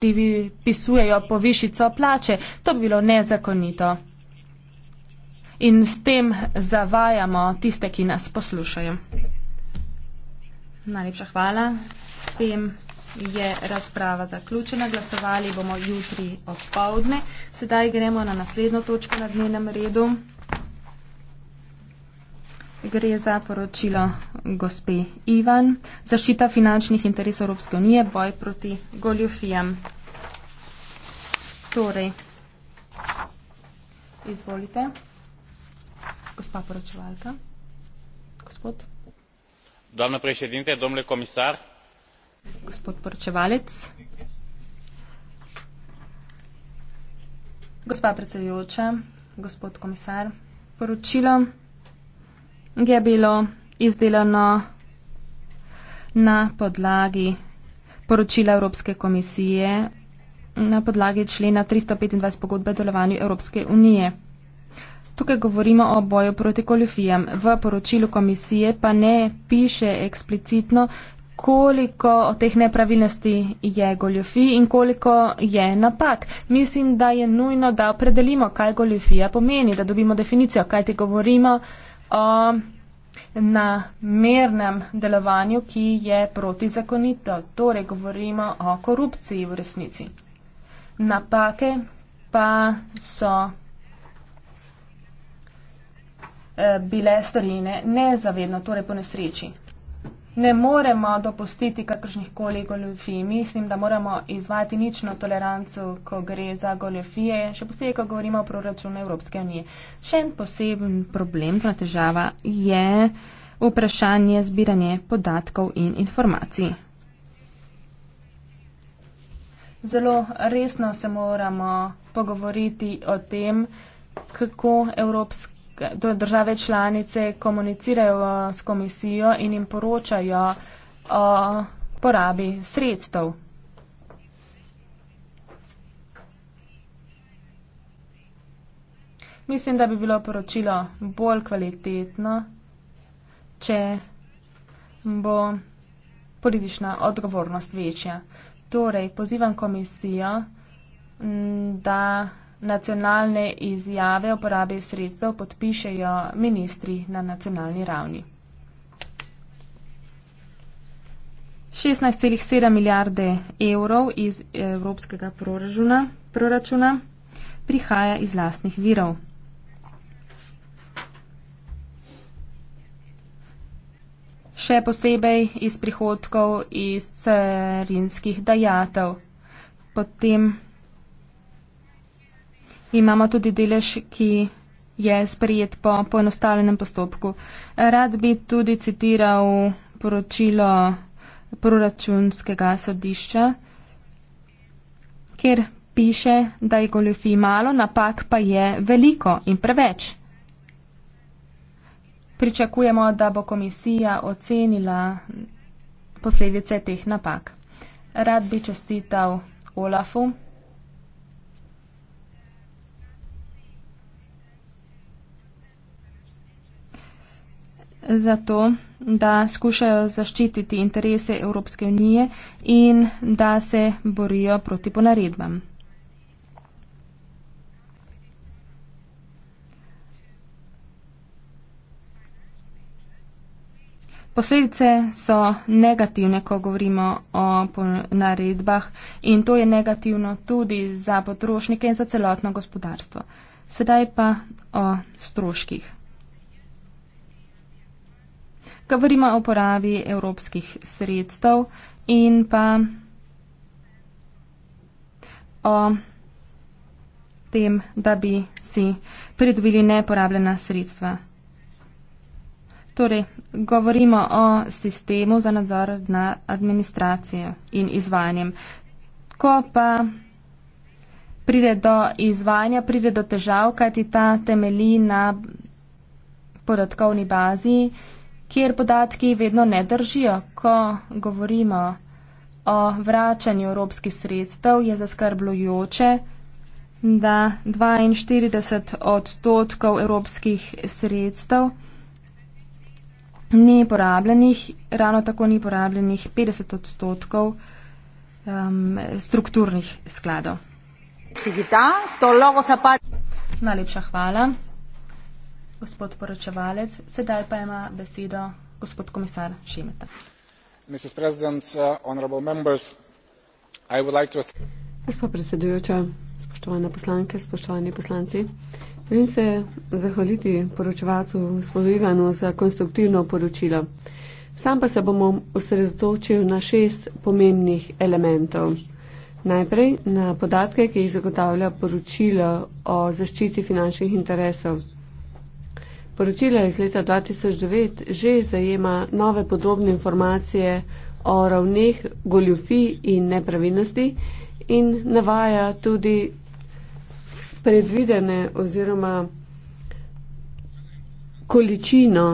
pripisujejo povišico plače. To bi bilo nezakonito. In s tem zavajamo tiste, ki nas poslušajo. Najlepša hvala. S tem je razprava zaključena. Glasovali bomo jutri odpovdne. Sedaj gremo na naslednjo točko na dnevnem redu gre za poročilo gospe Ivan, zaščita finančnih interesov Evropske unije, boj proti goljofijam. Torej, izvolite, gospa poročevalka. Gospod. Dobro, prejšedinte, domle komisar. Gospod poročevalec. Gospa predsedujoča, gospod komisar, poročilo je bilo izdelano na podlagi poročila Evropske komisije na podlagi člena 325 pogodbe o delovanju Evropske unije. Tukaj govorimo o boju proti koljufijam. V poročilu komisije pa ne piše eksplicitno, koliko teh nepravilnosti je goljufij in koliko je napak. Mislim, da je nujno, da opredelimo, kaj goljufija pomeni, da dobimo definicijo, kaj ti govorimo o namernem delovanju, ki je protizakonito. Torej, govorimo o korupciji v resnici. Napake pa so eh, bile starine nezavedno, torej po nesreči ne moremo dopustiti kakršnih koli goljofij. Mislim, da moramo izvajati nično toleranco, ko gre za goljofije, še posebej, ko govorimo o proračunu Evropske unije. Še en poseben problem, ta težava je vprašanje zbiranje podatkov in informacij. Zelo resno se moramo pogovoriti o tem, kako Evropska države članice komunicirajo s komisijo in jim poročajo o porabi sredstev. Mislim, da bi bilo poročilo bolj kvalitetno, če bo politična odgovornost večja. Torej, pozivam komisijo, da nacionalne izjave o porabi sredstev podpišejo ministri na nacionalni ravni. 16,7 milijarde evrov iz evropskega proračuna, proračuna prihaja iz lastnih virov. Še posebej iz prihodkov iz carinskih dajatev. Potem imamo tudi delež, ki je sprejet po poenostavljenem postopku. Rad bi tudi citiral poročilo proračunskega sodišča, kjer piše, da je goljofi malo, napak pa je veliko in preveč. Pričakujemo, da bo komisija ocenila posledice teh napak. Rad bi čestital Olafu. zato, da skušajo zaščititi interese Evropske unije in da se borijo proti ponaredbam. Posledice so negativne, ko govorimo o naredbah in to je negativno tudi za potrošnike in za celotno gospodarstvo. Sedaj pa o stroških govorimo o uporabi evropskih sredstev in pa o tem, da bi si pridobili neporabljena sredstva. Torej, govorimo o sistemu za nadzor na administracijo in izvajanjem. Ko pa pride do izvajanja, pride do težav, kajti ta temelji na podatkovni bazi kjer podatki vedno ne držijo. Ko govorimo o vračanju evropskih sredstev, je zaskrbljujoče, da 42 odstotkov evropskih sredstev ni porabljenih, ravno tako ni porabljenih 50 odstotkov um, strukturnih skladov. Najlepša hvala gospod poročevalec. Sedaj pa ima besedo gospod komisar Šemeta. Uh, gospod predsedujoča, spoštovane poslanke, spoštovani poslanci. Želim se zahvaliti poročevalcu gospodu Ivanu za konstruktivno poročilo. Sam pa se bom osredotočil na šest pomembnih elementov. Najprej na podatke, ki jih zagotavlja poročilo o zaščiti finančnih interesov. Poročilo iz leta 2009 že zajema nove podrobne informacije o ravneh goljufi in nepravilnosti in navaja tudi predvidene oziroma količino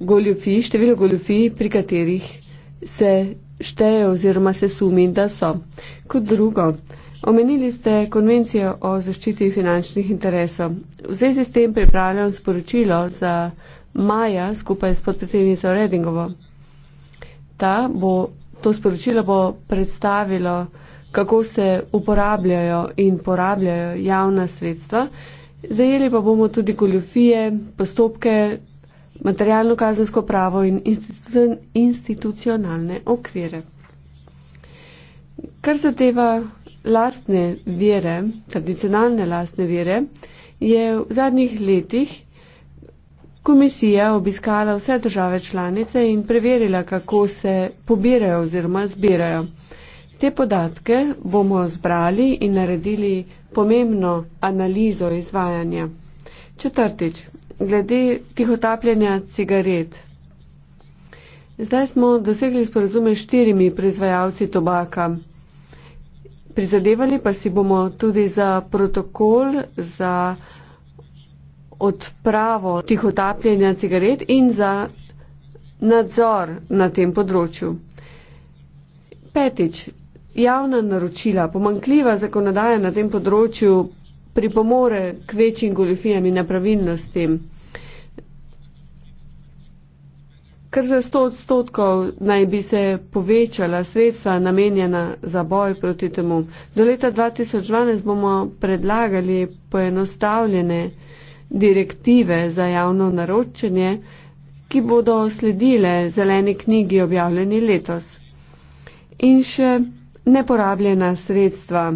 goljufi, število goljufi, pri katerih se šteje oziroma se sumi, da so. Kot drugo, Omenili ste konvencijo o zaščiti finančnih interesov. V zvezi s tem pripravljam sporočilo za Maja skupaj s podpredsednico Redingovo. Ta bo, to sporočilo bo predstavilo, kako se uporabljajo in porabljajo javna sredstva. Zajeli pa bomo tudi goljofije, postopke, materialno kazensko pravo in institucionalne okvire. Kar zadeva lastne vere, tradicionalne lastne vere, je v zadnjih letih komisija obiskala vse države članice in preverila, kako se pobirajo oziroma zbirajo. Te podatke bomo zbrali in naredili pomembno analizo izvajanja. Četrtič, glede tihotapljanja cigaret. Zdaj smo dosegli sporozume s štirimi proizvajalci tobaka. Prizadevali pa si bomo tudi za protokol, za odpravo tihotapljenja cigaret in za nadzor na tem področju. Petič, javna naročila, pomankljiva zakonodaja na tem področju pripomore k večjim goljofijam in nepravilnostim. Kar za 100 odstotkov naj bi se povečala sredstva namenjena za boj proti temu. Do leta 2012 bomo predlagali poenostavljene direktive za javno naročanje, ki bodo sledile zeleni knjigi objavljeni letos. In še neporabljena sredstva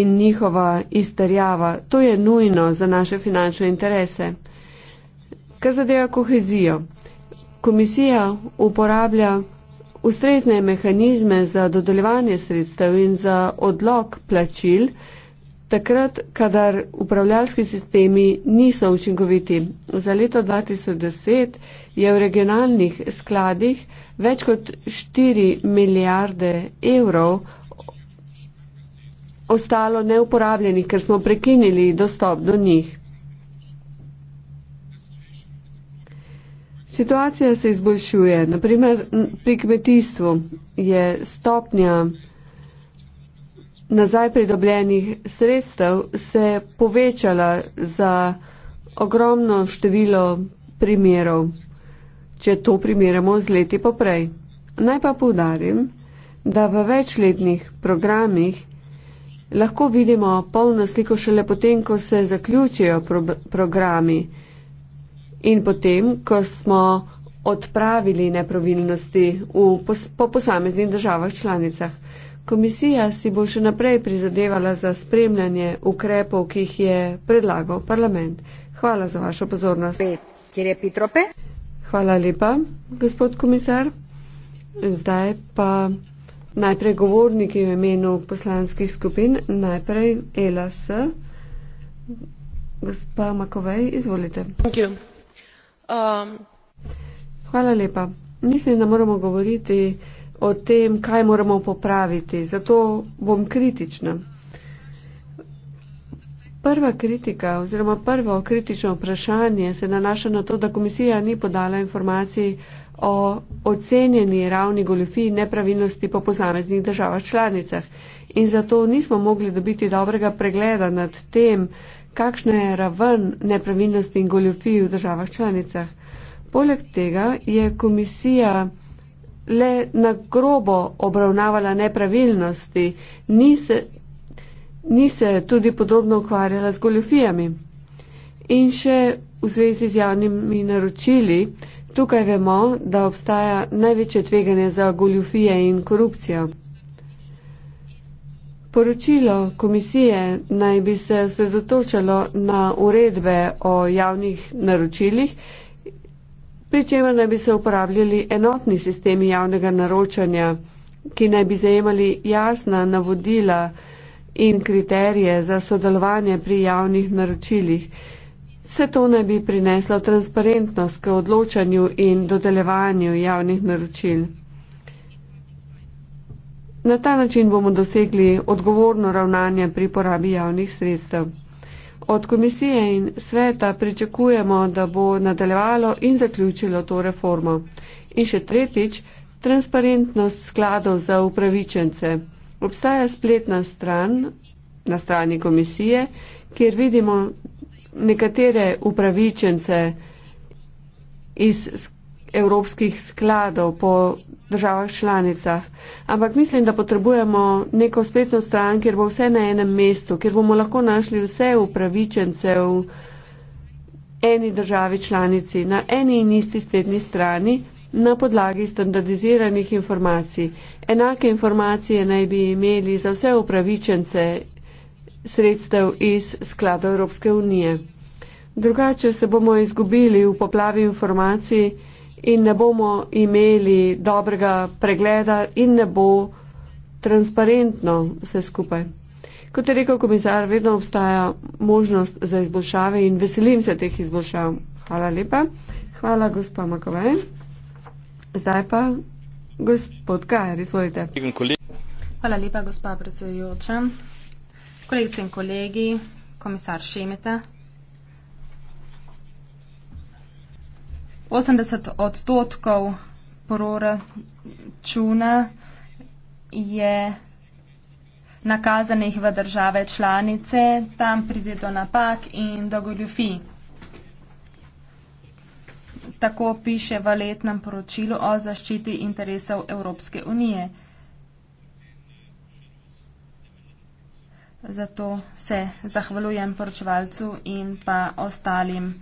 in njihova izterjava, to je nujno za naše finančne interese. Kar zadeva kohezijo. Komisija uporablja ustrezne mehanizme za dodeljevanje sredstev in za odlog plačil, takrat, kadar upravljalski sistemi niso učinkoviti. Za leto 2010 je v regionalnih skladih več kot 4 milijarde evrov ostalo neuporabljenih, ker smo prekinili dostop do njih. Situacija se izboljšuje. Naprimer, pri kmetijstvu je stopnja nazaj pridobljenih sredstev se povečala za ogromno število primerov, če to primerjamo z leti poprej. Naj pa poudarim, da v večletnih programih lahko vidimo polno sliko šele potem, ko se zaključijo pro programi in potem, ko smo odpravili nepravilnosti v, po posameznih državah članicah. Komisija si bo še naprej prizadevala za spremljanje ukrepov, ki jih je predlagal parlament. Hvala za vašo pozornost. Hvala lepa, gospod komisar. Zdaj pa najprej govorniki v imenu poslanskih skupin, najprej Elas, gospa Makovej, izvolite. Thank you. Um, Hvala lepa. Mislim, da moramo govoriti o tem, kaj moramo popraviti. Zato bom kritična. Prva kritika oziroma prvo kritično vprašanje se nanaša na to, da komisija ni podala informacij o ocenjeni ravni goljofij in nepravilnosti po posameznih državah članicah. In zato nismo mogli dobiti dobrega pregleda nad tem, kakšna je raven nepravilnosti in goljofij v državah članicah. Poleg tega je komisija le na grobo obravnavala nepravilnosti, ni se, ni se tudi podobno ukvarjala z goljofijami. In še v zvezi z javnimi naročili, tukaj vemo, da obstaja največje tveganje za goljofije in korupcijo. Poročilo komisije naj bi se osredotočalo na uredbe o javnih naročilih, pri čemer naj bi se uporabljali enotni sistemi javnega naročanja, ki naj bi zajemali jasna navodila in kriterije za sodelovanje pri javnih naročilih. Vse to naj bi prineslo transparentnost k odločanju in dodelevanju javnih naročil. Na ta način bomo dosegli odgovorno ravnanje pri porabi javnih sredstev. Od komisije in sveta pričakujemo, da bo nadaljevalo in zaključilo to reformo. In še tretjič, transparentnost skladov za upravičence. Obstaja spletna stran na strani komisije, kjer vidimo nekatere upravičence iz skladov evropskih skladov po državah članicah. Ampak mislim, da potrebujemo neko spletno stran, kjer bo vse na enem mestu, kjer bomo lahko našli vse upravičence v eni državi članici na eni in isti spletni strani na podlagi standardiziranih informacij. Enake informacije naj bi imeli za vse upravičence sredstev iz sklada Evropske unije. Drugače se bomo izgubili v poplavi informacij, in ne bomo imeli dobrega pregleda in ne bo transparentno vse skupaj. Kot je rekel komisar, vedno obstaja možnost za izboljšave in veselim se teh izboljšav. Hvala lepa. Hvala, gospa Makove. Zdaj pa gospod Kajer, izvolite. Hvala lepa, gospa predsedujoča. Kolegice in kolegi, komisar Šemeta, 80 odstotkov proračuna je nakazanih v države članice, tam pride do napak in do goljufij. Tako piše v letnem poročilu o zaščiti interesov Evropske unije. Zato se zahvaljujem poročevalcu in pa ostalim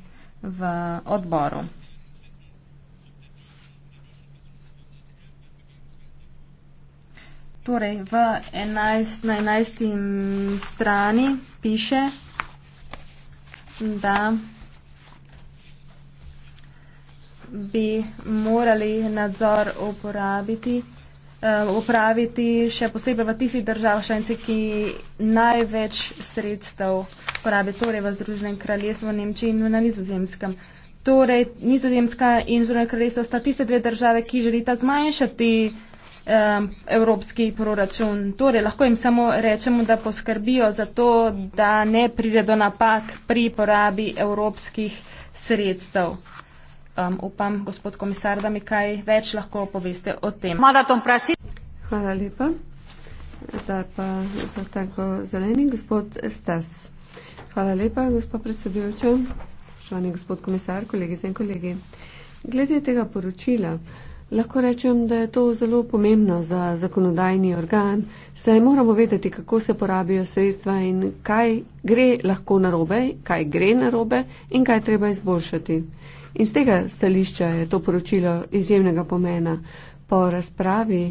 v odboru. Torej, v 11, na 11. strani piše, da bi morali nadzor uporabiti, upraviti eh, še posebej v tistih državah članici, ki največ sredstev porabi, torej v Združenem kraljestvu, v Nemčiji in na Nizozemskem. Torej, Nizozemska in Združeno kraljestvo sta tiste dve države, ki želita zmanjšati um, evropski proračun. Torej, lahko jim samo rečemo, da poskrbijo za to, da ne pride do napak pri porabi evropskih sredstev. Um, upam, gospod komisar, da mi kaj več lahko poveste o tem. Hvala lepa. Zdaj pa za tako zeleni gospod Stas. Hvala lepa, gospod predsedujoča, spoštovani gospod komisar, kolegice in kolegi. Glede tega poročila. Lahko rečem, da je to zelo pomembno za zakonodajni organ, saj moramo vedeti, kako se porabijo sredstva in kaj gre lahko narobe, kaj gre narobe in kaj treba izboljšati. In z tega stališča je to poročilo izjemnega pomena. Po razpravi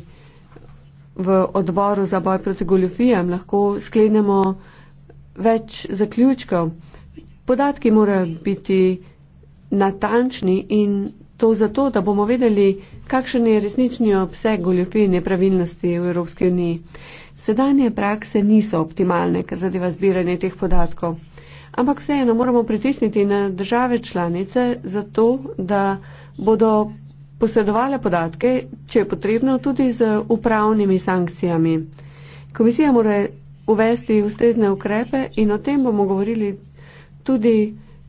v odboru za boj proti goljofijam lahko sklenemo več zaključkov. Podatki morajo biti natančni in To zato, da bomo vedeli, kakšen je resnični obseg goljofij in nepravilnosti v Evropski uniji. Sedanje prakse niso optimalne, kar zadeva zbiranje teh podatkov. Ampak vseeno moramo pritisniti na države članice za to, da bodo posredovale podatke, če je potrebno, tudi z upravnimi sankcijami. Komisija mora uvesti ustrezne ukrepe in o tem bomo govorili tudi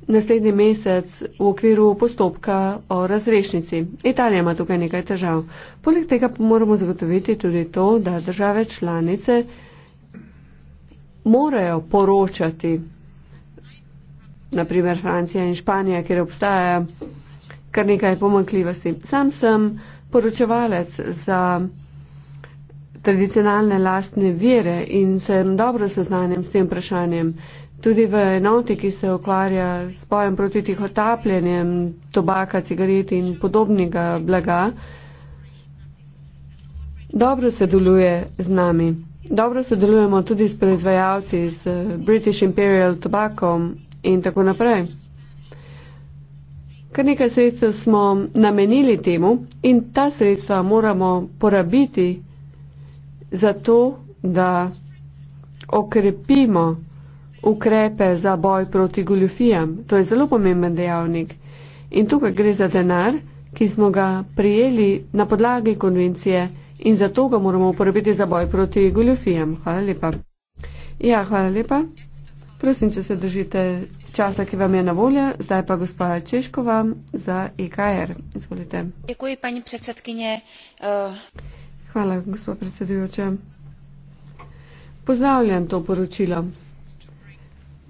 naslednji mesec v okviru postopka o razrešnici. Italija ima tukaj nekaj težav. Poleg tega pa moramo zagotoviti tudi to, da države članice morajo poročati, naprimer Francija in Španija, kjer obstaja kar nekaj pomankljivosti. Sam sem poročevalec za tradicionalne lastne vire in sem dobro seznanjen s tem vprašanjem. Tudi v enoti, ki se ukvarja s pojem proti tihotapljenjem tobaka, cigaret in podobnega blaga, dobro sodeluje z nami. Dobro sodelujemo tudi s proizvajalci, s British Imperial Tobacom in tako naprej. Kar nekaj sredstev smo namenili temu in ta sredstva moramo porabiti za to, da okrepimo ukrepe za boj proti goljofijam. To je zelo pomemben dejavnik. In tukaj gre za denar, ki smo ga prijeli na podlagi konvencije in zato ga moramo uporabiti za boj proti goljofijam. Hvala lepa. Ja, hvala lepa. Prosim, če se držite časa, ki vam je na voljo. Zdaj pa gospa Češkova za IKR. E Izvolite. Dekuji, pani predsedkinje. Uh... Hvala, gospod predsedujoča. Pozdravljam to poročilo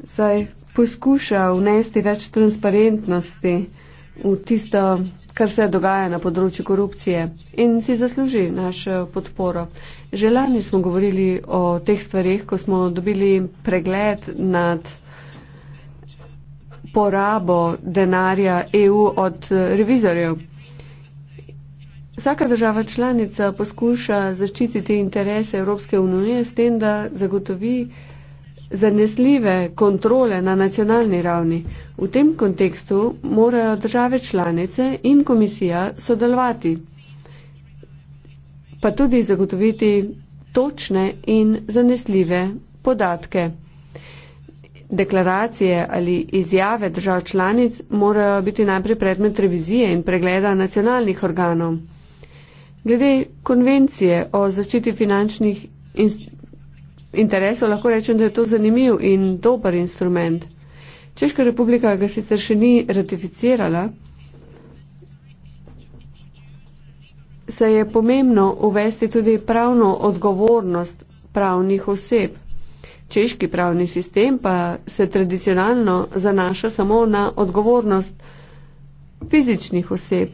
saj poskuša vnesti več transparentnosti v tisto, kar se dogaja na področju korupcije in si zasluži našo podporo. Že lani smo govorili o teh stvarih, ko smo dobili pregled nad porabo denarja EU od revizorjev. Vsaka država članica poskuša zaščititi interese Evropske unije s tem, da zagotovi zanesljive kontrole na nacionalni ravni. V tem kontekstu morajo države članice in komisija sodelovati, pa tudi zagotoviti točne in zanesljive podatke. Deklaracije ali izjave držav članic morajo biti najprej predmet revizije in pregleda nacionalnih organov. Glede konvencije o zaščiti finančnih institucij, interesu lahko rečem, da je to zanimiv in dober instrument. Češka republika ga sicer še ni ratificirala, se je pomembno uvesti tudi pravno odgovornost pravnih oseb. Češki pravni sistem pa se tradicionalno zanaša samo na odgovornost fizičnih oseb,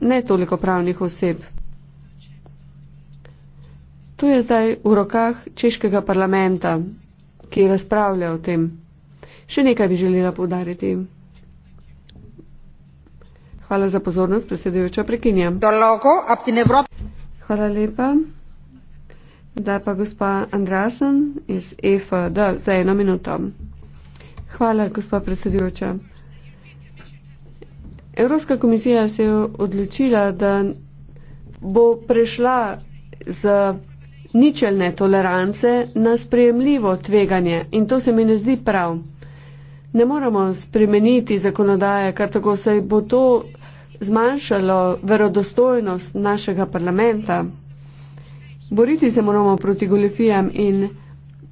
ne toliko pravnih oseb. Tu je zdaj v rokah češkega parlamenta, ki razpravlja o tem. Še nekaj bi želela povdariti. Hvala za pozornost, predsedujoča, prekinjam. Hvala lepa. Zdaj pa gospa Andrasen iz EFD za eno minuto. Hvala, gospa predsedujoča. Evropska komisija se je odločila, da bo prešla z ničelne tolerance na sprejemljivo tveganje in to se mi ne zdi prav. Ne moramo spremeniti zakonodaje, ker tako se bo to zmanjšalo verodostojnost našega parlamenta. Boriti se moramo proti goljofijam in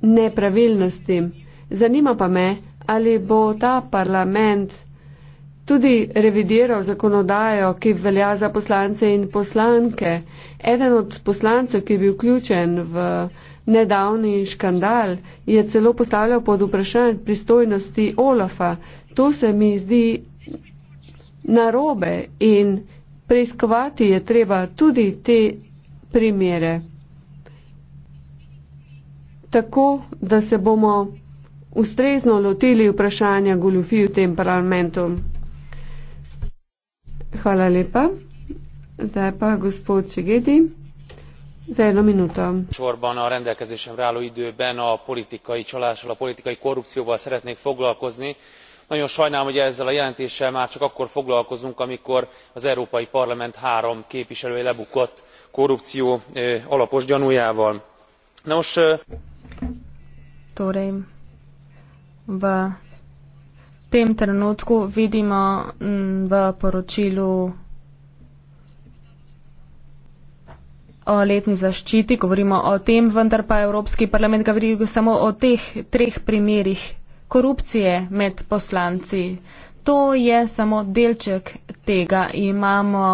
nepravilnostim. Zanima pa me, ali bo ta parlament tudi revidiral zakonodajo, ki velja za poslance in poslanke. Eden od poslancev, ki je bil vključen v nedavni škandal, je celo postavljal pod vprašanje pristojnosti Olafa. To se mi zdi narobe in preiskovati je treba tudi te primere. Tako, da se bomo ustrezno lotili vprašanja goljufij v tem parlamentu. Hvala lepa. Zdaj pa gospod Čegedi. Za eno minuto. Sorban a rendelkezésemre álló időben a politikai csalással, a politikai korrupcióval szeretnék foglalkozni. Nagyon sajnálom, hogy ezzel a jelentéssel már csak akkor foglalkozunk, amikor az Európai Parlament három képviselője lebukott korrupció alapos gyanújával. Nos, torej, v tem trenutku vidimo v poročilu o letni zaščiti, govorimo o tem, vendar pa Evropski parlament govori samo o teh treh primerjih korupcije med poslanci. To je samo delček tega. Imamo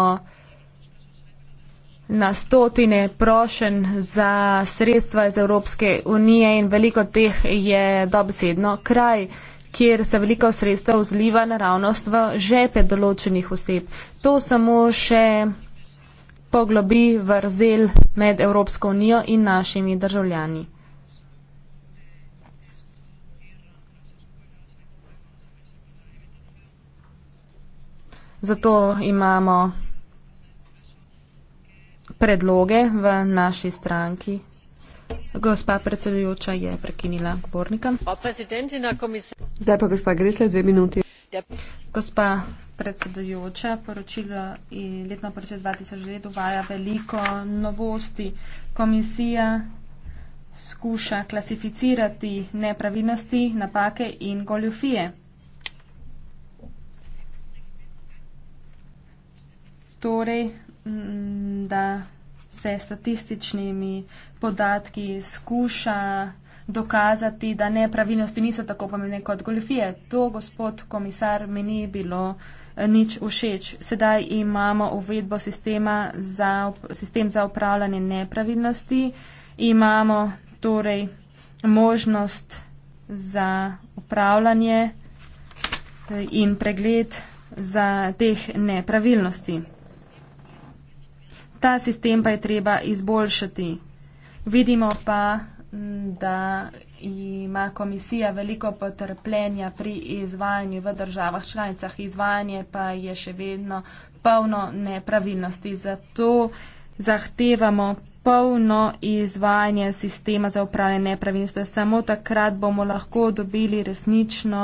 na stotine prošen za sredstva iz Evropske unije in veliko teh je dobesedno kraj, kjer se veliko sredstva vzliva naravnost v žepe določenih oseb. To samo še poglobi vrzel med Evropsko unijo in našimi državljani. Zato imamo predloge v naši stranki. Gospa predsedujoča je prekinila govornika. Zdaj pa gospa Gresle, dve minuti. Ja. Gospa predsedujoča. Poročilo in letno poročilo 2009 uvaja veliko novosti. Komisija skuša klasificirati nepravilnosti, napake in goljofije. Torej, da se statističnimi podatki skuša dokazati, da nepravilnosti niso tako pomembne kot goljofije. To, gospod komisar, meni je bilo uh, nič všeč. Sedaj imamo uvedbo sistema za, sistem za upravljanje nepravilnosti, imamo torej možnost za upravljanje e, in pregled za teh nepravilnosti. Ta sistem pa je treba izboljšati. Vidimo pa, da ima komisija veliko potrpljenja pri izvajanju v državah članicah, izvajanje pa je še vedno polno nepravilnosti. Zato zahtevamo polno izvajanje sistema za upravljanje nepravilnosti. Samo takrat bomo lahko dobili resnično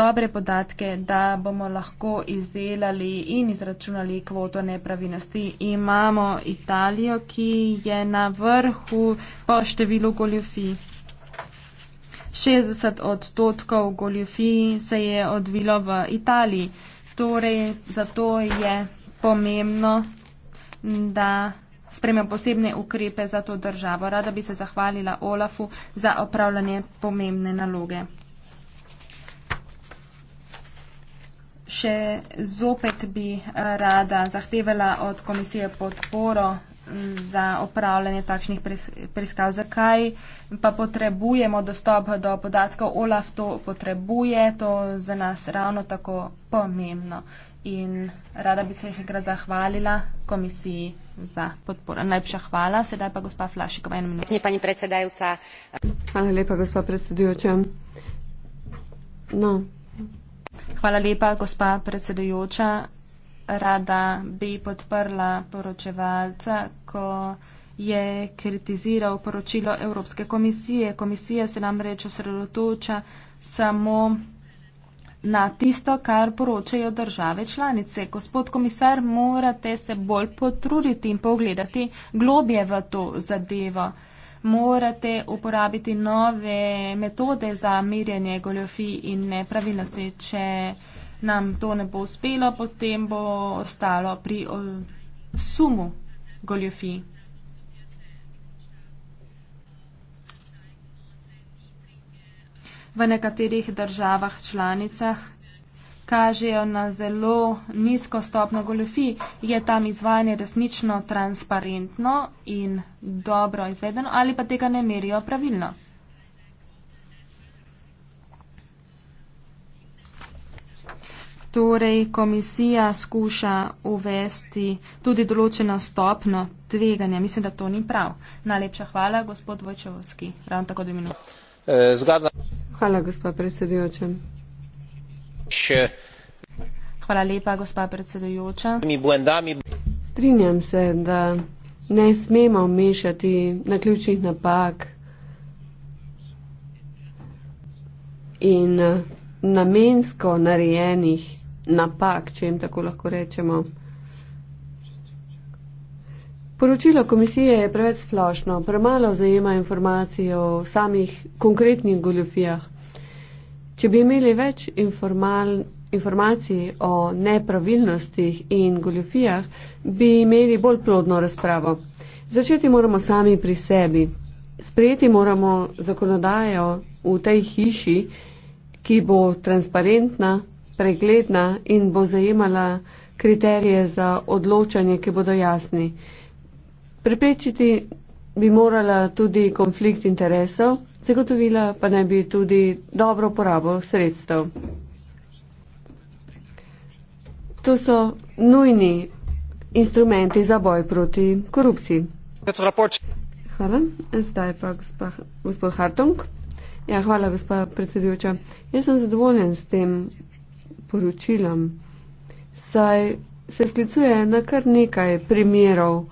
dobre podatke, da bomo lahko izdelali in izračunali kvoto nepravilnosti. Imamo Italijo, ki je na vrhu po številu goljufi. 60 odstotkov goljufi se je odvilo v Italiji. Torej, zato je pomembno, da spremem posebne ukrepe za to državo. Rada bi se zahvalila Olafu za opravljanje pomembne naloge. Še zopet bi eh, rada zahtevala od komisije podporo mm, za opravljanje takšnih preiskav. Zakaj pa potrebujemo dostop do podatkov? Olaf to potrebuje, to za nas ravno tako pomembno in rada bi se jih enkrat zahvalila komisiji za podporo. Najlepša hvala. Sedaj pa gospa Flašikova, eno minuto. Ne, pani predsedajoca. Hvala lepa, gospa predsedujoča. No. Hvala lepa, gospa predsedujoča. Rada bi podprla poročevalca, ko je kritiziral poročilo Evropske komisije. Komisija se namreč osredotoča samo na tisto, kar poročajo države članice. Gospod komisar, morate se bolj potruditi in pogledati globje v to zadevo. Morate uporabiti nove metode za merjanje goljofij in nepravilnosti. Če nam to ne bo uspelo, potem bo ostalo pri sumu goljofij. v nekaterih državah članicah kažejo na zelo nizko stopno goljofi, je tam izvajanje resnično transparentno in dobro izvedeno ali pa tega ne merijo pravilno. Torej, komisija skuša uvesti tudi določeno stopno tveganja. Mislim, da to ni prav. Najlepša hvala, gospod Vojčevski. Ravno tako dve minuti. E, Hvala lepa, gospa predsedujoča. Strinjam se, da ne smemo mešati na ključnih napak in namensko narejenih napak, če jim tako lahko rečemo, Poročilo komisije je preveč splošno, premalo zajema informacije o samih konkretnih goljofijah. Če bi imeli več informal, informacij o nepravilnostih in goljofijah, bi imeli bolj plodno razpravo. Začeti moramo sami pri sebi. Sprejeti moramo zakonodajo v tej hiši, ki bo transparentna, pregledna in bo zajemala kriterije za odločanje, ki bodo jasni. Preprečiti bi morala tudi konflikt interesov, zagotovila pa naj bi tudi dobro porabo sredstev. To so nujni instrumenti za boj proti korupciji. Hvala. Zdaj pa gospod Hartung. Ja, hvala, gospa predsedujoča. Jaz sem zadovoljen s tem poročilom, saj se sklicuje na kar nekaj primerov,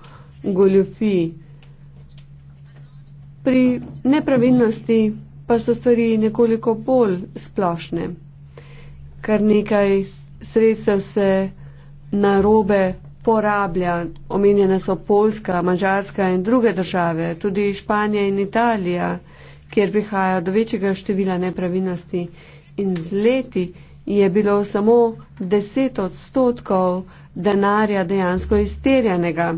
goljofiji. Pri nepravilnosti pa so stvari nekoliko bolj splošne. Kar nekaj sredstev se narobe porablja. Omenjene so Polska, Mačarska in druge države, tudi Španija in Italija, kjer prihaja do večjega števila nepravilnosti. In z leti je bilo samo 10 odstotkov denarja dejansko izterjanega.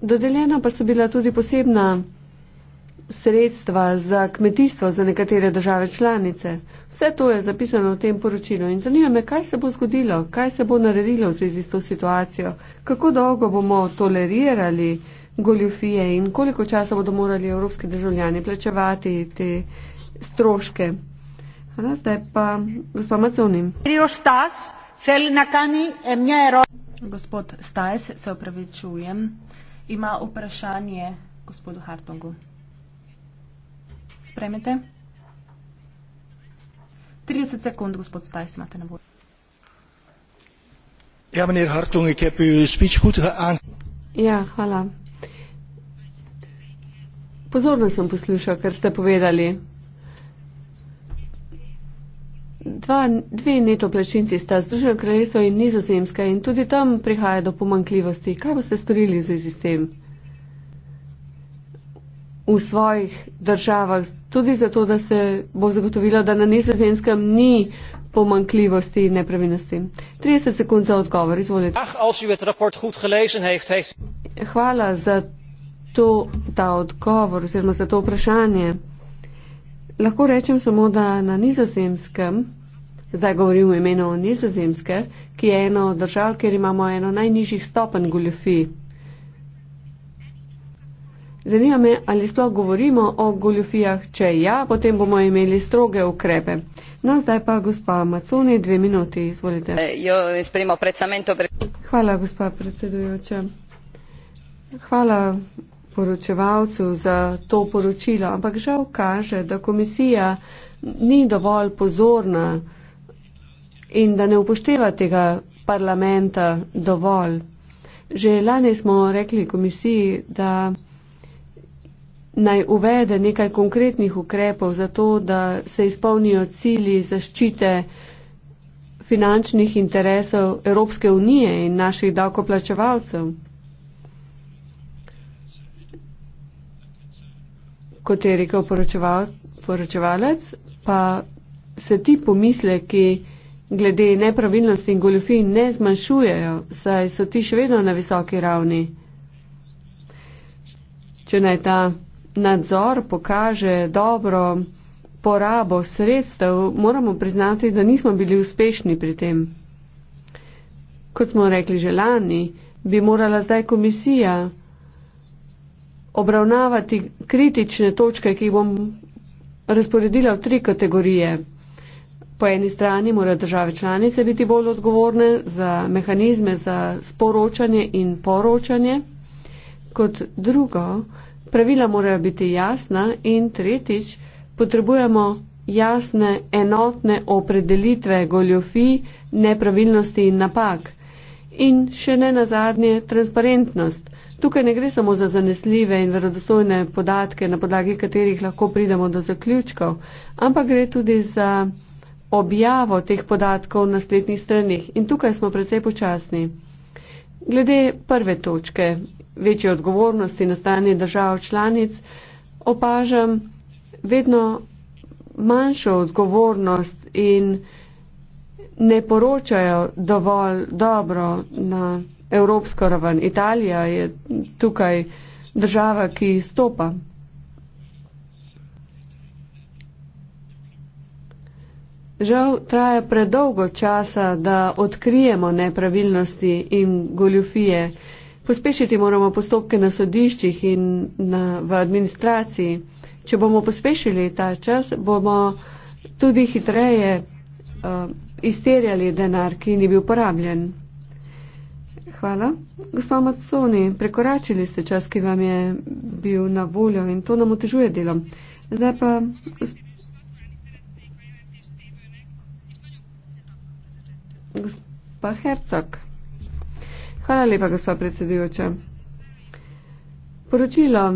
Dodeljena pa so bila tudi posebna sredstva za kmetijstvo za nekatere države članice. Vse to je zapisano v tem poročilu in zanima me, kaj se bo zgodilo, kaj se bo naredilo v zvezi s to situacijo, kako dolgo bomo tolerirali goljufije in koliko časa bodo morali evropski državljani plačevati te stroške. Hvala, zdaj pa gospa Maconi. Gospod Stajs, se upravičujem ima vprašanje gospodu Hartogu. Spremete? 30 sekund, gospod Stajs, imate na voljo. Ja, meneer Hartung, ik heb uw speech goed aan. Ja, hvala. Pozorno sem poslušal, kar ste povedali. Dva, dve neto plačinci sta Združeno kraljestvo in Nizozemska in tudi tam prihaja do pomankljivosti. Kaj boste storili v zvezi s tem? V svojih državah, tudi zato, da se bo zagotovilo, da na Nizozemskem ni pomankljivosti in nepravilnosti. 30 sekund za odgovor, izvolite. Hvala za to, ta odgovor oziroma za to vprašanje. Lahko rečem samo, da na nizozemskem, zdaj govorim v imenu nizozemske, ki je eno od držav, kjer imamo eno najnižjih stopenj goljofij. Zanima me, ali sploh govorimo o goljofijah, če ja, potem bomo imeli stroge ukrepe. No, zdaj pa gospa Macuni, dve minuti, izvolite. Eh, Hvala, gospa predsedujoča. Hvala poročevalcu za to poročilo, ampak žal kaže, da komisija ni dovolj pozorna in da ne upošteva tega parlamenta dovolj. Že lani smo rekli komisiji, da naj uvede nekaj konkretnih ukrepov za to, da se izpolnijo cili zaščite finančnih interesov Evropske unije in naših davkoplačevalcev. kot je rekel poročeval, poročevalec, pa se ti pomisleki glede nepravilnosti in goljofij ne zmanjšujejo, saj so ti še vedno na visoki ravni. Če naj ta nadzor pokaže dobro porabo sredstev, moramo priznati, da nismo bili uspešni pri tem. Kot smo rekli že lani, bi morala zdaj komisija obravnavati kritične točke, ki jih bom razporedila v tri kategorije. Po eni strani morajo države članice biti bolj odgovorne za mehanizme za sporočanje in poročanje. Kot drugo, pravila morajo biti jasna in tretjič, potrebujemo jasne, enotne opredelitve goljofij, nepravilnosti in napak. In še ne nazadnje, transparentnost. Tukaj ne gre samo za zanesljive in verodostojne podatke, na podlagi katerih lahko pridemo do zaključkov, ampak gre tudi za objavo teh podatkov na spletnih straneh in tukaj smo precej počasni. Glede prve točke, večje odgovornosti na strani držav članic, opažam vedno manjšo odgovornost in ne poročajo dovolj dobro na evropsko raven. Italija je tukaj država, ki stopa. Žal traja predolgo časa, da odkrijemo nepravilnosti in goljufije. Pospešiti moramo postopke na sodiščih in na, v administraciji. Če bomo pospešili ta čas, bomo tudi hitreje uh, izterjali denar, ki ni bil porabljen. Hvala. Gospa Maconi, prekoračili ste čas, ki vam je bil na voljo in to nam otežuje delo. Zdaj pa. Gospa Hercog. Hvala lepa, gospa predsedujoča. Poročilo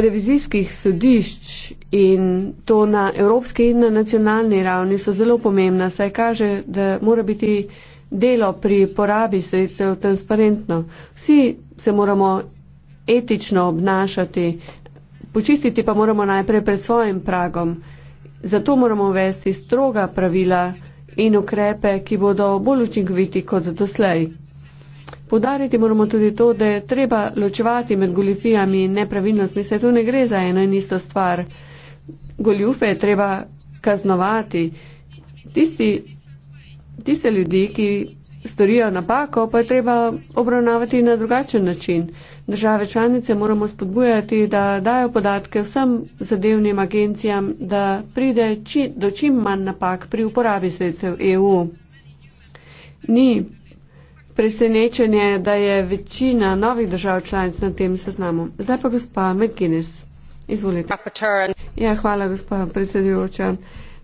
revizijskih sodišč in to na evropski in na nacionalni ravni so zelo pomembna, saj kaže, da mora biti delo pri porabi sredstev transparentno. Vsi se moramo etično obnašati, počistiti pa moramo najprej pred svojim pragom. Zato moramo uvesti stroga pravila in ukrepe, ki bodo bolj učinkoviti kot doslej. Podariti moramo tudi to, da je treba ločevati med goljufijami in nepravilnostmi, saj tu ne gre za eno in isto stvar. Goljufe je treba kaznovati. Tisti, tiste ljudi, ki storijo napako, pa je treba obravnavati na drugačen način. Države članice moramo spodbujati, da dajo podatke vsem zadevnim agencijam, da pride či, do čim manj napak pri uporabi sredstev EU. Ni presenečenje, da je večina novih držav članic na tem seznamu. Zdaj pa gospa McGuinness. Izvolite. Ja, hvala, gospa predsedujoča.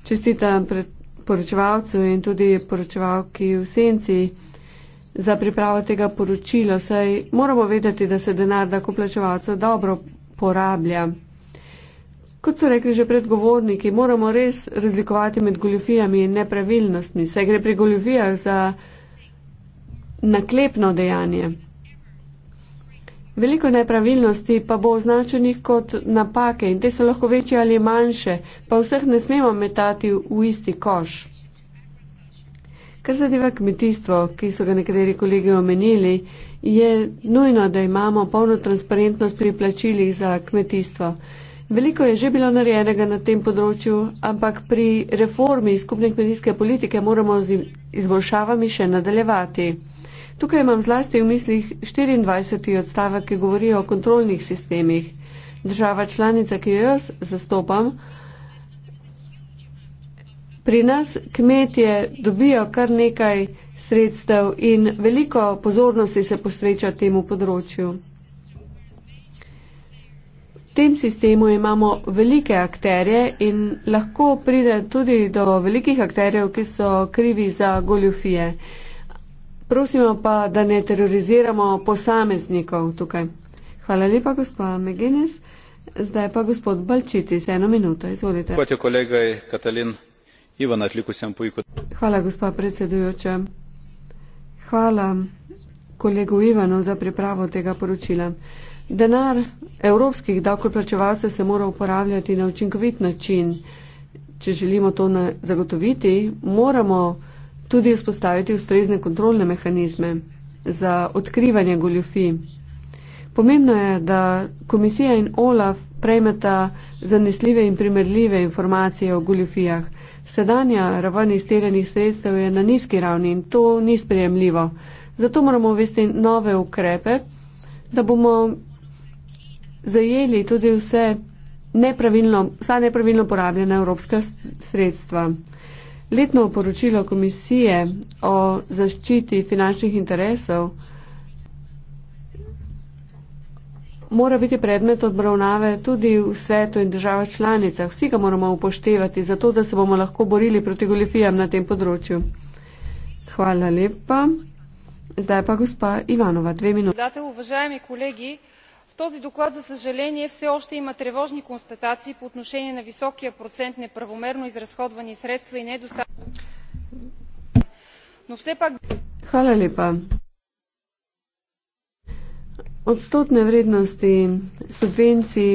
Čestitam pred poročevalcu in tudi poročevalki v senci za pripravo tega poročila. Saj moramo vedeti, da se denar tako plačevalcev dobro porablja. Kot so rekli že predgovorniki, moramo res razlikovati med goljofijami in nepravilnostmi. Saj gre pri goljofijah za naklepno dejanje. Veliko nepravilnosti pa bo označenih kot napake in te so lahko večje ali manjše, pa vseh ne smemo metati v isti koš. Kar zadeva kmetijstvo, ki so ga nekateri kolegi omenili, je nujno, da imamo polno transparentnost pri plačilih za kmetijstvo. Veliko je že bilo narejenega na tem področju, ampak pri reformi skupne kmetijske politike moramo z izboljšavami še nadaljevati. Tukaj imam zlasti v mislih 24. odstavek, ki govori o kontrolnih sistemih. Država članica, ki jo jaz zastopam, pri nas kmetje dobijo kar nekaj sredstev in veliko pozornosti se posveča temu področju. V tem sistemu imamo velike akterje in lahko pride tudi do velikih akterjev, ki so krivi za goljofije prosimo pa, da ne teroriziramo posameznikov tukaj. Hvala lepa, gospod Megines. Zdaj pa gospod Balčiti, z eno minuto, izvolite. Kot je kolega Katalin Ivan, atliku sem pojko. Hvala, gospod predsedujoče. Hvala kolegu Ivanu za pripravo tega poročila. Denar evropskih davkoplačevalcev se mora uporabljati na učinkovit način. Če želimo to zagotoviti, moramo tudi vzpostaviti ustrezne kontrolne mehanizme za odkrivanje goljofij. Pomembno je, da komisija in OLAF prejmeta zanesljive in primerljive informacije o goljofijah. Sedanja raven izterjenih sredstev je na nizki ravni in to ni sprejemljivo. Zato moramo uvesti nove ukrepe, da bomo zajeli tudi vse nepravilno, vsa nepravilno porabljena evropska sredstva. Letno poročilo komisije o zaščiti finančnih interesov mora biti predmet obravnave tudi v svetu in državah članicah. Vsi ga moramo upoštevati, zato da se bomo lahko borili proti golifijam na tem področju. Hvala lepa. Zdaj pa gospa Ivanova, dve minute. Zdaj, uvažajmi kolegi, този доклад за съжаление все още има тревожни констатации по отношение на високия процент неправомерно изразходвани средства и недостатъчно Odstotne vrednosti subvencij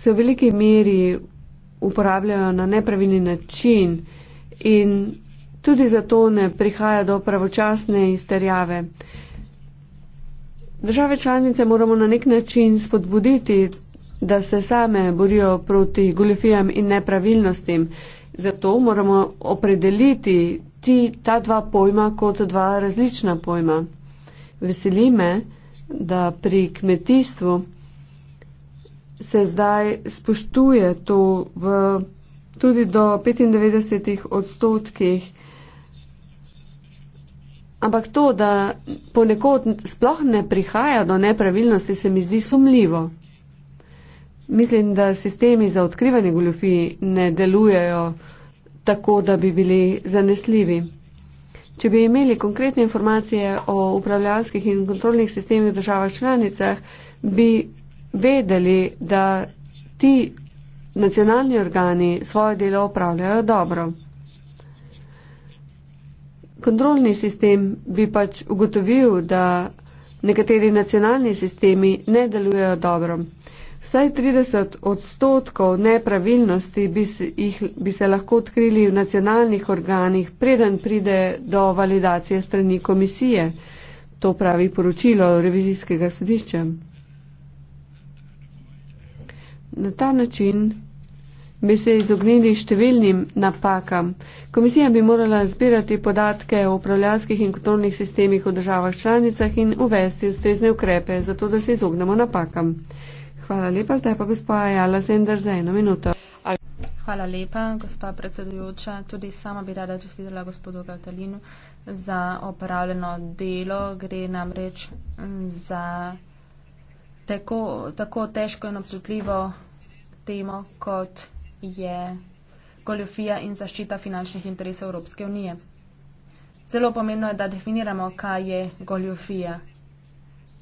se v veliki meri uporabljajo na nepravilni način in tudi zato ne prihaja do pravočasne izterjave. Države članice moramo na nek način spodbuditi, da se same borijo proti goljofijam in nepravilnostim. Zato moramo opredeliti ti, ta dva pojma kot dva različna pojma. Veseli me, da pri kmetijstvu se zdaj spoštuje to v tudi do 95 odstotkih Ampak to, da ponekod sploh ne prihaja do nepravilnosti, se mi zdi sumljivo. Mislim, da sistemi za odkrivanje goljofij ne delujejo tako, da bi bili zanesljivi. Če bi imeli konkretne informacije o upravljalskih in kontrolnih sistemih v državah članicah, bi vedeli, da ti nacionalni organi svoje delo opravljajo dobro. Kontrolni sistem bi pač ugotovil, da nekateri nacionalni sistemi ne delujejo dobro. Vsaj 30 odstotkov nepravilnosti bi se, jih, bi se lahko odkrili v nacionalnih organih, preden pride do validacije strani komisije. To pravi poročilo revizijskega sodišča. Na ta način bi se izognili številnim napakam. Komisija bi morala zbirati podatke o upravljanskih in kontrolnih sistemih v državah članicah in uvesti ustrezne ukrepe, zato da se izognemo napakam. Hvala lepa, zdaj pa gospa Jala Zender za eno minuto. Hvala lepa, gospa predsedujoča. Tudi sama bi rada čestitela gospodu Gatalinu za opravljeno delo. Gre namreč mm, za tako, tako težko in občutljivo temo kot je goljofija in zaščita finančnih interesov Evropske unije. Zelo pomembno je, da definiramo, kaj je goljofija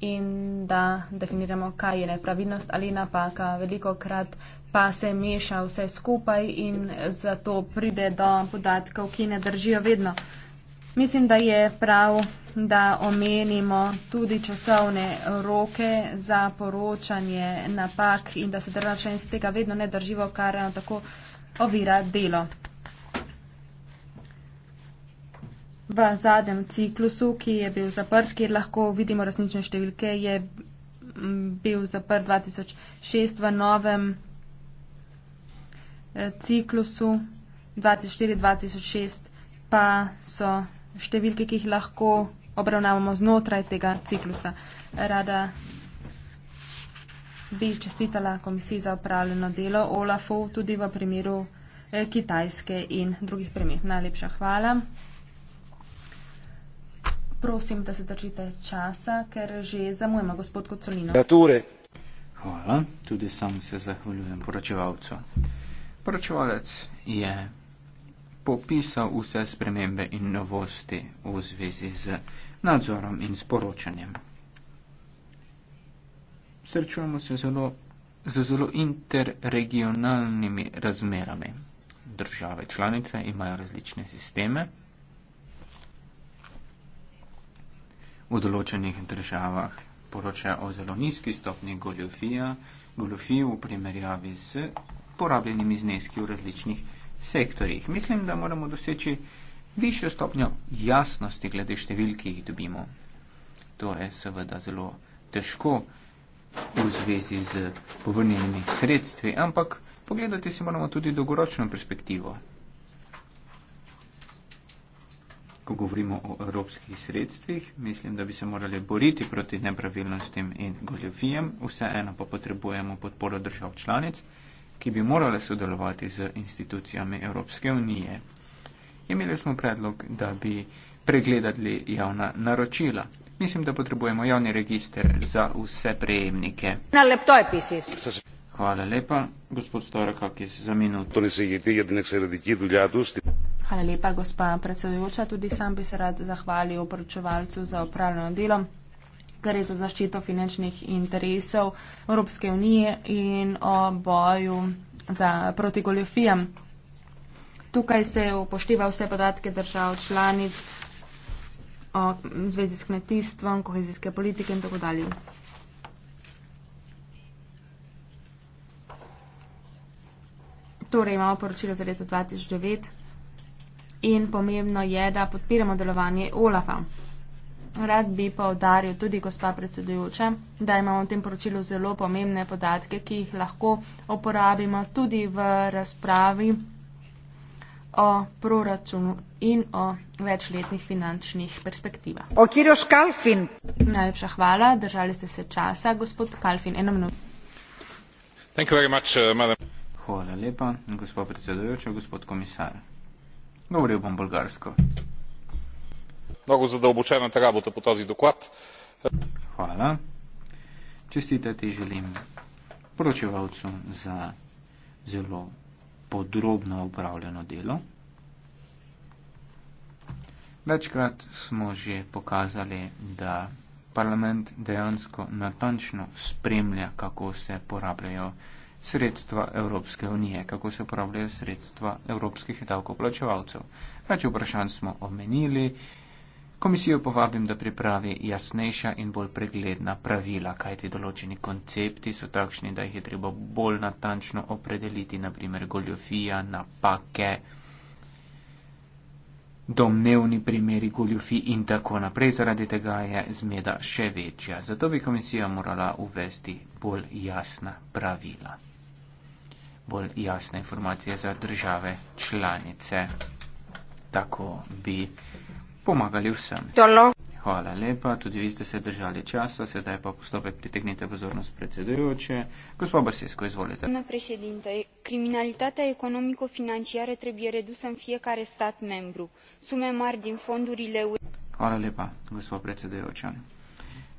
in da definiramo, kaj je nepravilnost ali napaka. Veliko krat pa se meša vse skupaj in zato pride do podatkov, ki ne držijo vedno. Mislim, da je prav, da omenimo tudi časovne roke za poročanje napak in da se drugače iz tega vedno ne drživo, kar tako ovira delo. V zadnjem ciklusu, ki je bil zaprt, kjer lahko vidimo resnične številke, je bil zaprt 2006 v novem eh, ciklusu, 2004-2006 pa so številke, ki jih lahko obravnavamo znotraj tega ciklusa. Rada bi čestitala komisiji za upravljeno delo OLAF-u tudi v primeru eh, Kitajske in drugih primerov. Najlepša hvala. Prosim, da se držite časa, ker že zamujamo, gospod Kocolino. Hvala. Tudi sam se zahvaljujem poročevalcu. Poročevalec je popisal vse spremembe in novosti v zvezi z nadzorom in sporočanjem. Srečujemo se zelo, z zelo interregionalnimi razmerami. Države članice imajo različne sisteme. V določenih državah poročajo o zelo nizki stopni goljofija, goljofij v primerjavi s porabljenimi zneski v različnih državah sektorjih. Mislim, da moramo doseči višjo stopnjo jasnosti glede številk, ki jih dobimo. To je seveda zelo težko v zvezi z povrnjenimi sredstvi, ampak pogledati si moramo tudi dolgoročno perspektivo. Ko govorimo o evropskih sredstvih, mislim, da bi se morali boriti proti nepravilnostim in goljofijem, vseeno pa potrebujemo podporo držav članic ki bi morale sodelovati z institucijami Evropske unije. Imeli smo predlog, da bi pregledali javna naročila. Mislim, da potrebujemo javni register za vse prejemnike. Na lep to je pisis. Hvala lepa, gospod Storakak, za minuto. Hvala lepa, gospa predsedujoča. Tudi sam bi se rad zahvalil poročevalcu za upravljeno delo kar je za zaščito finančnih interesov Evropske unije in o boju za protigoljofijam. Tukaj se upošteva vse podatke držav članic o zvezi s kmetijstvom, kohezijske politike in tako dalje. Torej imamo poročilo za leto 2009 in pomembno je, da podpiramo delovanje OLAF-a. Rad bi povdaril tudi, gospa predsedujoča, da imamo v tem poročilu zelo pomembne podatke, ki jih lahko uporabimo tudi v razpravi o proračunu in o večletnih finančnih perspektivah. Okirjoš Kalfin. Najlepša hvala, držali ste se časa, gospod Kalfin. Eno minuto. Uh, hvala lepa, gospod predsedujoča, gospod komisar. Govoril bom bolgarsko много задълбочената работа по този доклад. Хвала. Честита ти желим прочевалцу за зело подробно обравлено дело. Večkrat smo že pokazali, da parlament dejansko natančno spremlja, kako se porabljajo sredstva Evropske unije, kako se porabljajo sredstva evropskih davkoplačevalcev. Več vprašanj smo omenili. Komisijo povabim, da pripravi jasnejša in bolj pregledna pravila, kajti določeni koncepti so takšni, da jih je treba bolj natančno opredeliti, naprimer goljofija, napake, domnevni primeri goljofij in tako naprej. Zaradi tega je zmeda še večja. Zato bi komisija morala uvesti bolj jasna pravila, bolj jasne informacije za države članice. Tako bi pomagali vsem. Hvala lepa, tudi vi ste se držali časa, sedaj pa postopek pritegnite pozornost predsedujoče. Gospod Basesko, izvolite. Na prešedinte, kriminalitatea ekonomiko-financiară trebuie redusă în fiecare stat membru. Sume mari din fondurile... E. Hvala lepa, gospod predsedujoče.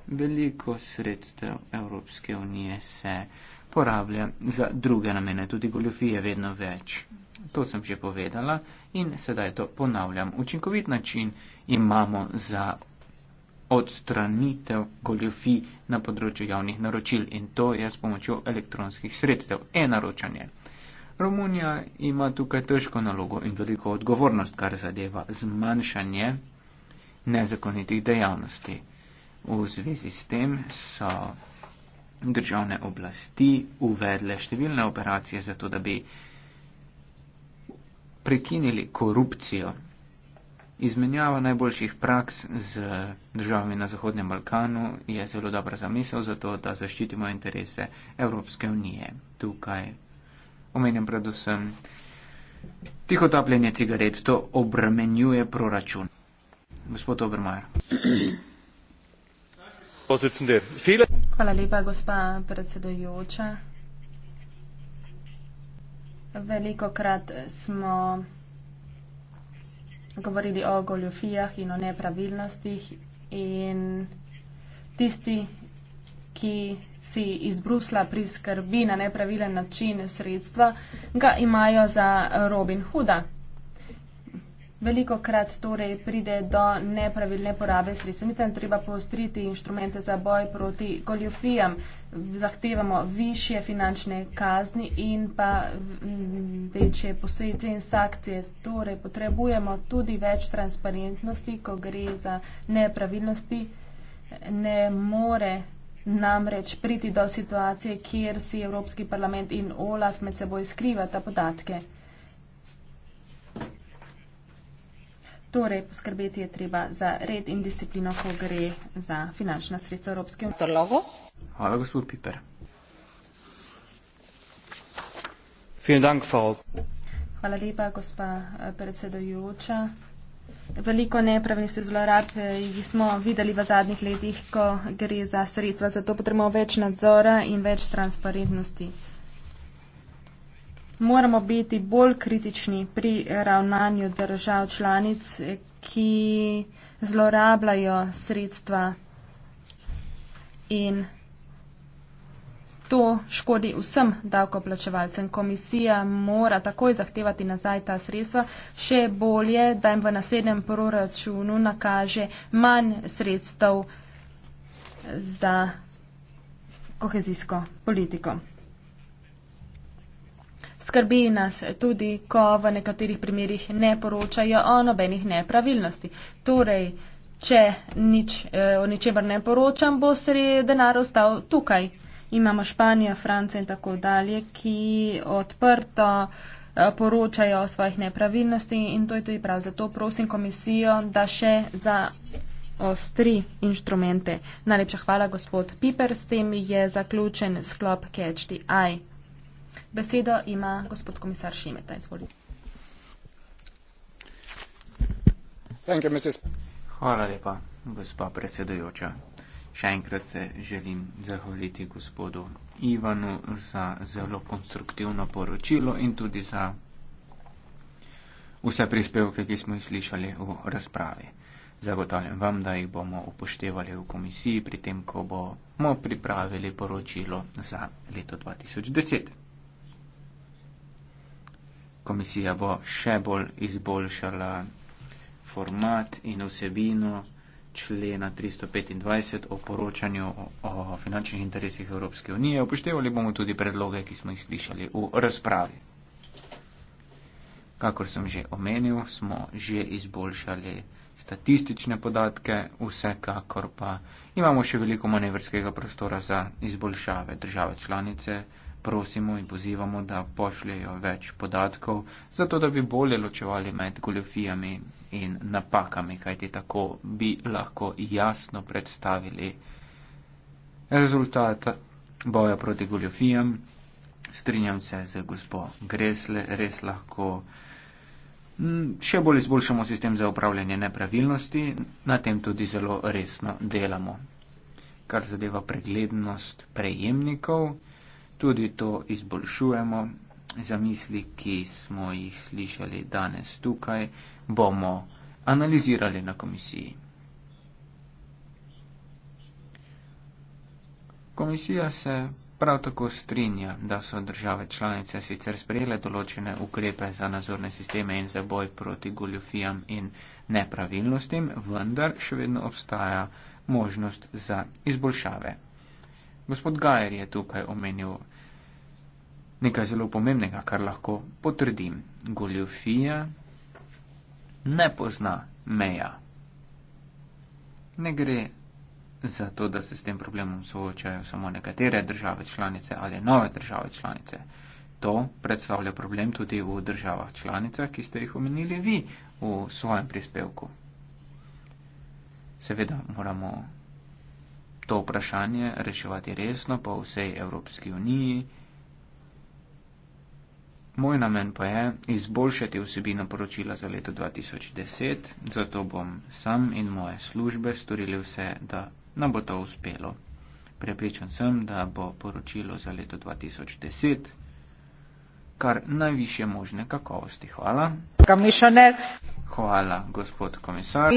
Veliko sredstev Evropske unije se porablja za druge namene, tudi goljofije vedno več. To sem že povedala in sedaj to ponavljam. Učinkovit način imamo za odstranitev goljofij na področju javnih naročil in to je s pomočjo elektronskih sredstev. E-naročanje. Romunija ima tukaj težko nalogo in veliko odgovornost, kar zadeva zmanjšanje nezakonitih dejavnosti. V zvezi s tem so državne oblasti uvedle številne operacije, zato da bi prekinili korupcijo, izmenjava najboljših praks z državami na Zahodnem Balkanu je zelo dobra zamisel za to, da zaščitimo interese Evropske unije. Tukaj omenjam predvsem tiho topljenje cigaret, to obremenjuje proračun. Gospod Obermajer. Hvala lepa, gospa predsedojoča. Veliko krat smo govorili o goljofijah in o nepravilnostih in tisti, ki si iz Brusla priskrbi na nepravilen način sredstva, ga imajo za Robin Hooda. Veliko krat torej pride do nepravilne porabe sredstev. Mi tam treba poostriti inštrumente za boj proti goljofijam. Zahtevamo više finančne kazni in pa večje posledice in sankcije. Torej potrebujemo tudi več transparentnosti, ko gre za nepravilnosti. Ne more namreč priti do situacije, kjer si Evropski parlament in OLAF med seboj skrivata podatke. Torej, poskrbeti je treba za red in disciplino, ko gre za finančna sredstva Evropske unije. Hvala, gospod Piper. Dank, Hvala lepa, gospa eh, predsedojoča. Veliko nepravilnih zlorab eh, jih smo videli v zadnjih letih, ko gre za sredstva. Zato potrebujemo več nadzora in več transparentnosti moramo biti bolj kritični pri ravnanju držav članic, ki zlorabljajo sredstva in to škodi vsem davkoplačevalcem. Komisija mora takoj zahtevati nazaj ta sredstva, še bolje, da jim v naslednjem proračunu nakaže manj sredstev za kohezijsko politiko. Skrbi nas tudi, ko v nekaterih primerjih ne poročajo o nobenih nepravilnosti. Torej, če nič, eh, o ničemer ne poročam, bo sredi denar ostal tukaj. Imamo Španijo, Francijo in tako dalje, ki odprto eh, poročajo o svojih nepravilnosti in to je tudi prav. Zato prosim komisijo, da še za ostri inštrumente. Najlepša hvala, gospod Piper. S tem je zaključen sklop Catch the Eye. Besedo ima gospod komisar Šimeta. Izvolite. Hvala lepa, gospa predsedujoča. Še enkrat se želim zahvaliti gospodu Ivanu za zelo konstruktivno poročilo in tudi za vse prispevke, ki smo jih slišali v razpravi. Zagotavljam vam, da jih bomo upoštevali v komisiji pri tem, ko bomo pripravili poročilo za leto 2010 komisija bo še bolj izboljšala format in vsebino člena 325 o poročanju o, o finančnih interesih Evropske unije. Upoštevali bomo tudi predloge, ki smo jih slišali v razpravi. Kakor sem že omenil, smo že izboljšali statistične podatke, vsekakor pa imamo še veliko manevrskega prostora za izboljšave države članice prosimo in pozivamo, da pošljajo več podatkov, zato da bi bolje ločevali med goljofijami in napakami, kajti tako bi lahko jasno predstavili rezultat boja proti goljofijam. Strinjam se z gospo Gresle, res lahko še bolj izboljšamo sistem za upravljanje nepravilnosti, na tem tudi zelo resno delamo. Kar zadeva preglednost prejemnikov, tudi to izboljšujemo. Zamisli, ki smo jih slišali danes tukaj, bomo analizirali na komisiji. Komisija se prav tako strinja, da so države članice sicer sprejele določene ukrepe za nazorne sisteme in za boj proti goljofijam in nepravilnostim, vendar še vedno obstaja možnost za izboljšave. Gospod Gajer je tukaj omenil nekaj zelo pomembnega, kar lahko potrdim. Goljofija ne pozna meja. Ne gre za to, da se s tem problemom soočajo samo nekatere države članice ali nove države članice. To predstavlja problem tudi v državah članicah, ki ste jih omenili vi v svojem prispevku. Seveda moramo to vprašanje reševati resno po vsej Evropski uniji. Moj namen pa je izboljšati vsebino poročila za leto 2010, zato bom sam in moje službe storili vse, da nam bo to uspelo. Prepričan sem, da bo poročilo za leto 2010 kar najviše možne kakovosti. Hvala. Hvala, gospod komisar.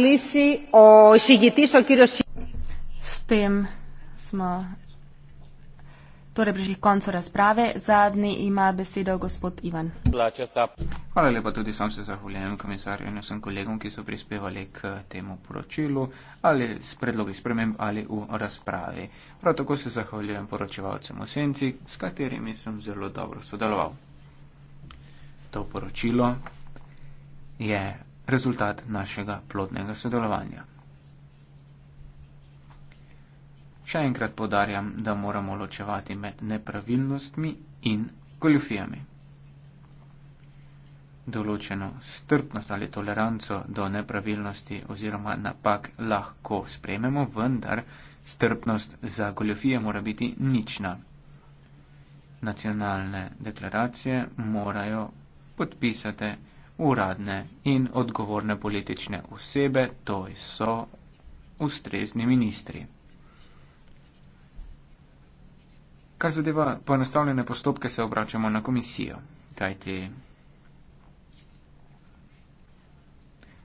S tem smo Torej, bližji koncu razprave, zadnji ima besedo gospod Ivan. Hvala lepa tudi sam se zahvaljujem komisarju in vsem kolegom, ki so prispevali k temu poročilu ali s predlogi sprememb ali v razpravi. Prav tako se zahvaljujem poročevalcem v senci, s katerimi sem zelo dobro sodeloval. To poročilo je rezultat našega plodnega sodelovanja. Še enkrat podarjam, da moramo ločevati med nepravilnostmi in goljufijami. Določeno strpnost ali toleranco do nepravilnosti oziroma napak lahko sprememo, vendar strpnost za goljofije mora biti nična. Nacionalne deklaracije morajo podpisati uradne in odgovorne politične osebe, to so ustrezni ministri. Kar zadeva poenostavljene postopke, se obračamo na komisijo. Kajti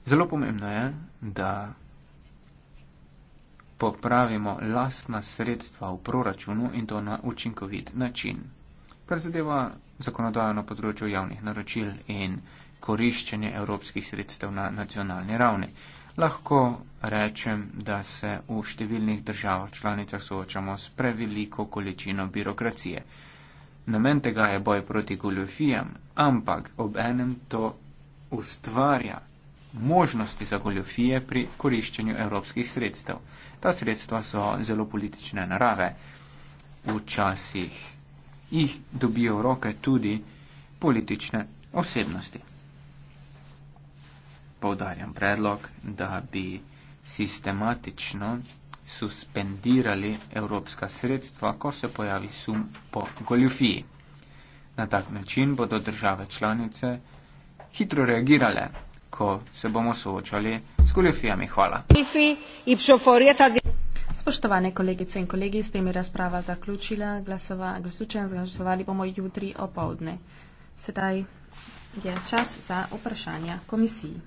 zelo pomembno je, da popravimo lastna sredstva v proračunu in to na učinkovit način. Kar zadeva zakonodajo na področju javnih naročil in koriščenje evropskih sredstev na nacionalni ravni lahko rečem, da se v številnih državah članicah soočamo s preveliko količino birokracije. Namen tega je boj proti goljofijam, ampak ob enem to ustvarja možnosti za goljofije pri koriščenju evropskih sredstev. Ta sredstva so zelo politične narave. Včasih jih dobijo v roke tudi politične osebnosti poudarjam predlog, da bi sistematično suspendirali evropska sredstva, ko se pojavi sum po goljufiji. Na tak način bodo države članice hitro reagirale, ko se bomo soočali s goljufijami. Hvala. Spoštovane kolegice in kolegi, s tem je razprava zaključila. Glasova, glasučen, glasovali bomo jutri opovdne. Sedaj je čas za vprašanja komisiji.